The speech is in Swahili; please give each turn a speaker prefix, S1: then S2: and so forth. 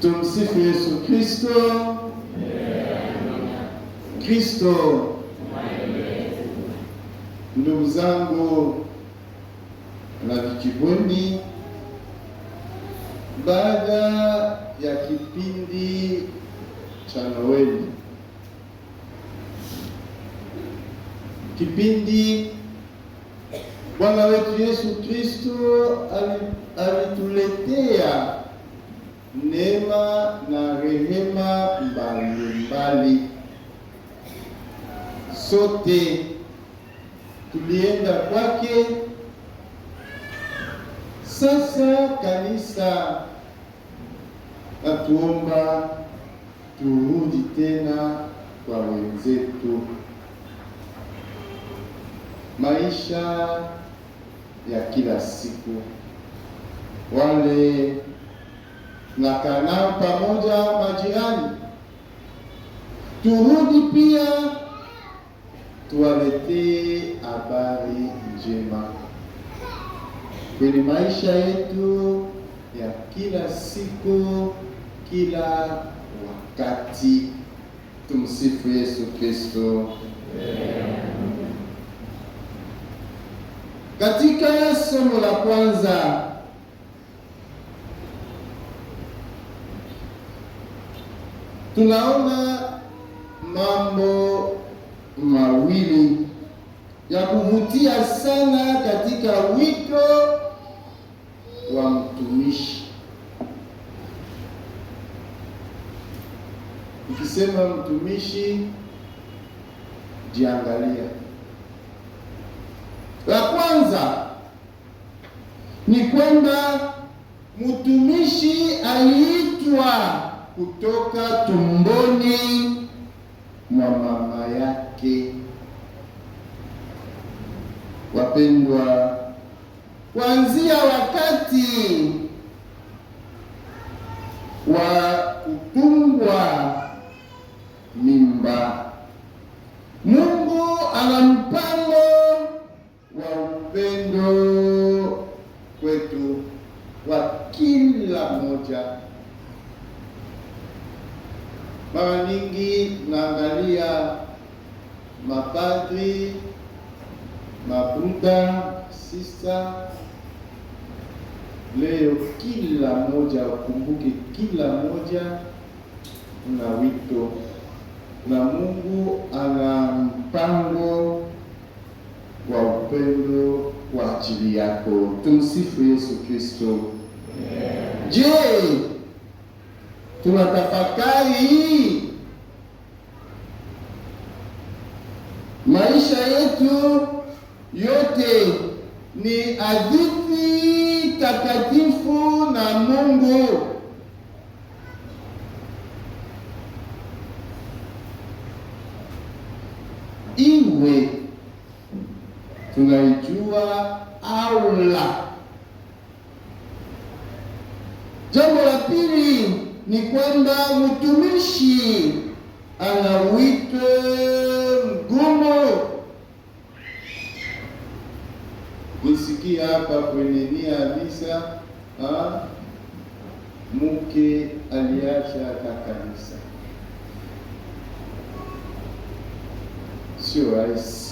S1: Tumsifu Yesu Kristo. Kristo, ndugu zangu vikibundi, baada ya kipindi cha Noeli, kipindi Bwana wetu Yesu Kristo alituletea neema na rehema mbalimbali. Sote tulienda kwake. Sasa kanisa natuomba turudi tena kwa wenzetu. Maisha ya kila siku wale na kanao pamoja majirani, turudi pia tuwaletee habari njema kwenye maisha yetu ya kila siku, kila wakati. Tumsifu Yesu Kristo. Katika somo la kwanza tunaona mambo mawili ya kuvutia sana katika wito wa mtumishi. Ukisema mtumishi, jiangalia. La kwanza ni kwamba mtumishi aliitwa kutoka tumboni mwa mama yake. Wapendwa, kuanzia wakati wa kutungwa mimba, Mungu ana mpango wa upendo kwetu wa kila mmoja. Mara nyingi naangalia mapadri, mabuda, sista. Leo kila mmoja ukumbuke, kila mmoja una wito na Mungu ana mpango wa upendo kwa ajili yako. Tumsifu Yesu Kristo. Je, tunatafakari hii maisha yetu yote ni hadithi takatifu na Mungu. Iwe tunaijua au la. Jambo la pili ni kwamba mtumishi ana wito mgumu. Kusikia hapa kwenye nia kabisa, mke aliacha hata kanisa, sio rahisi.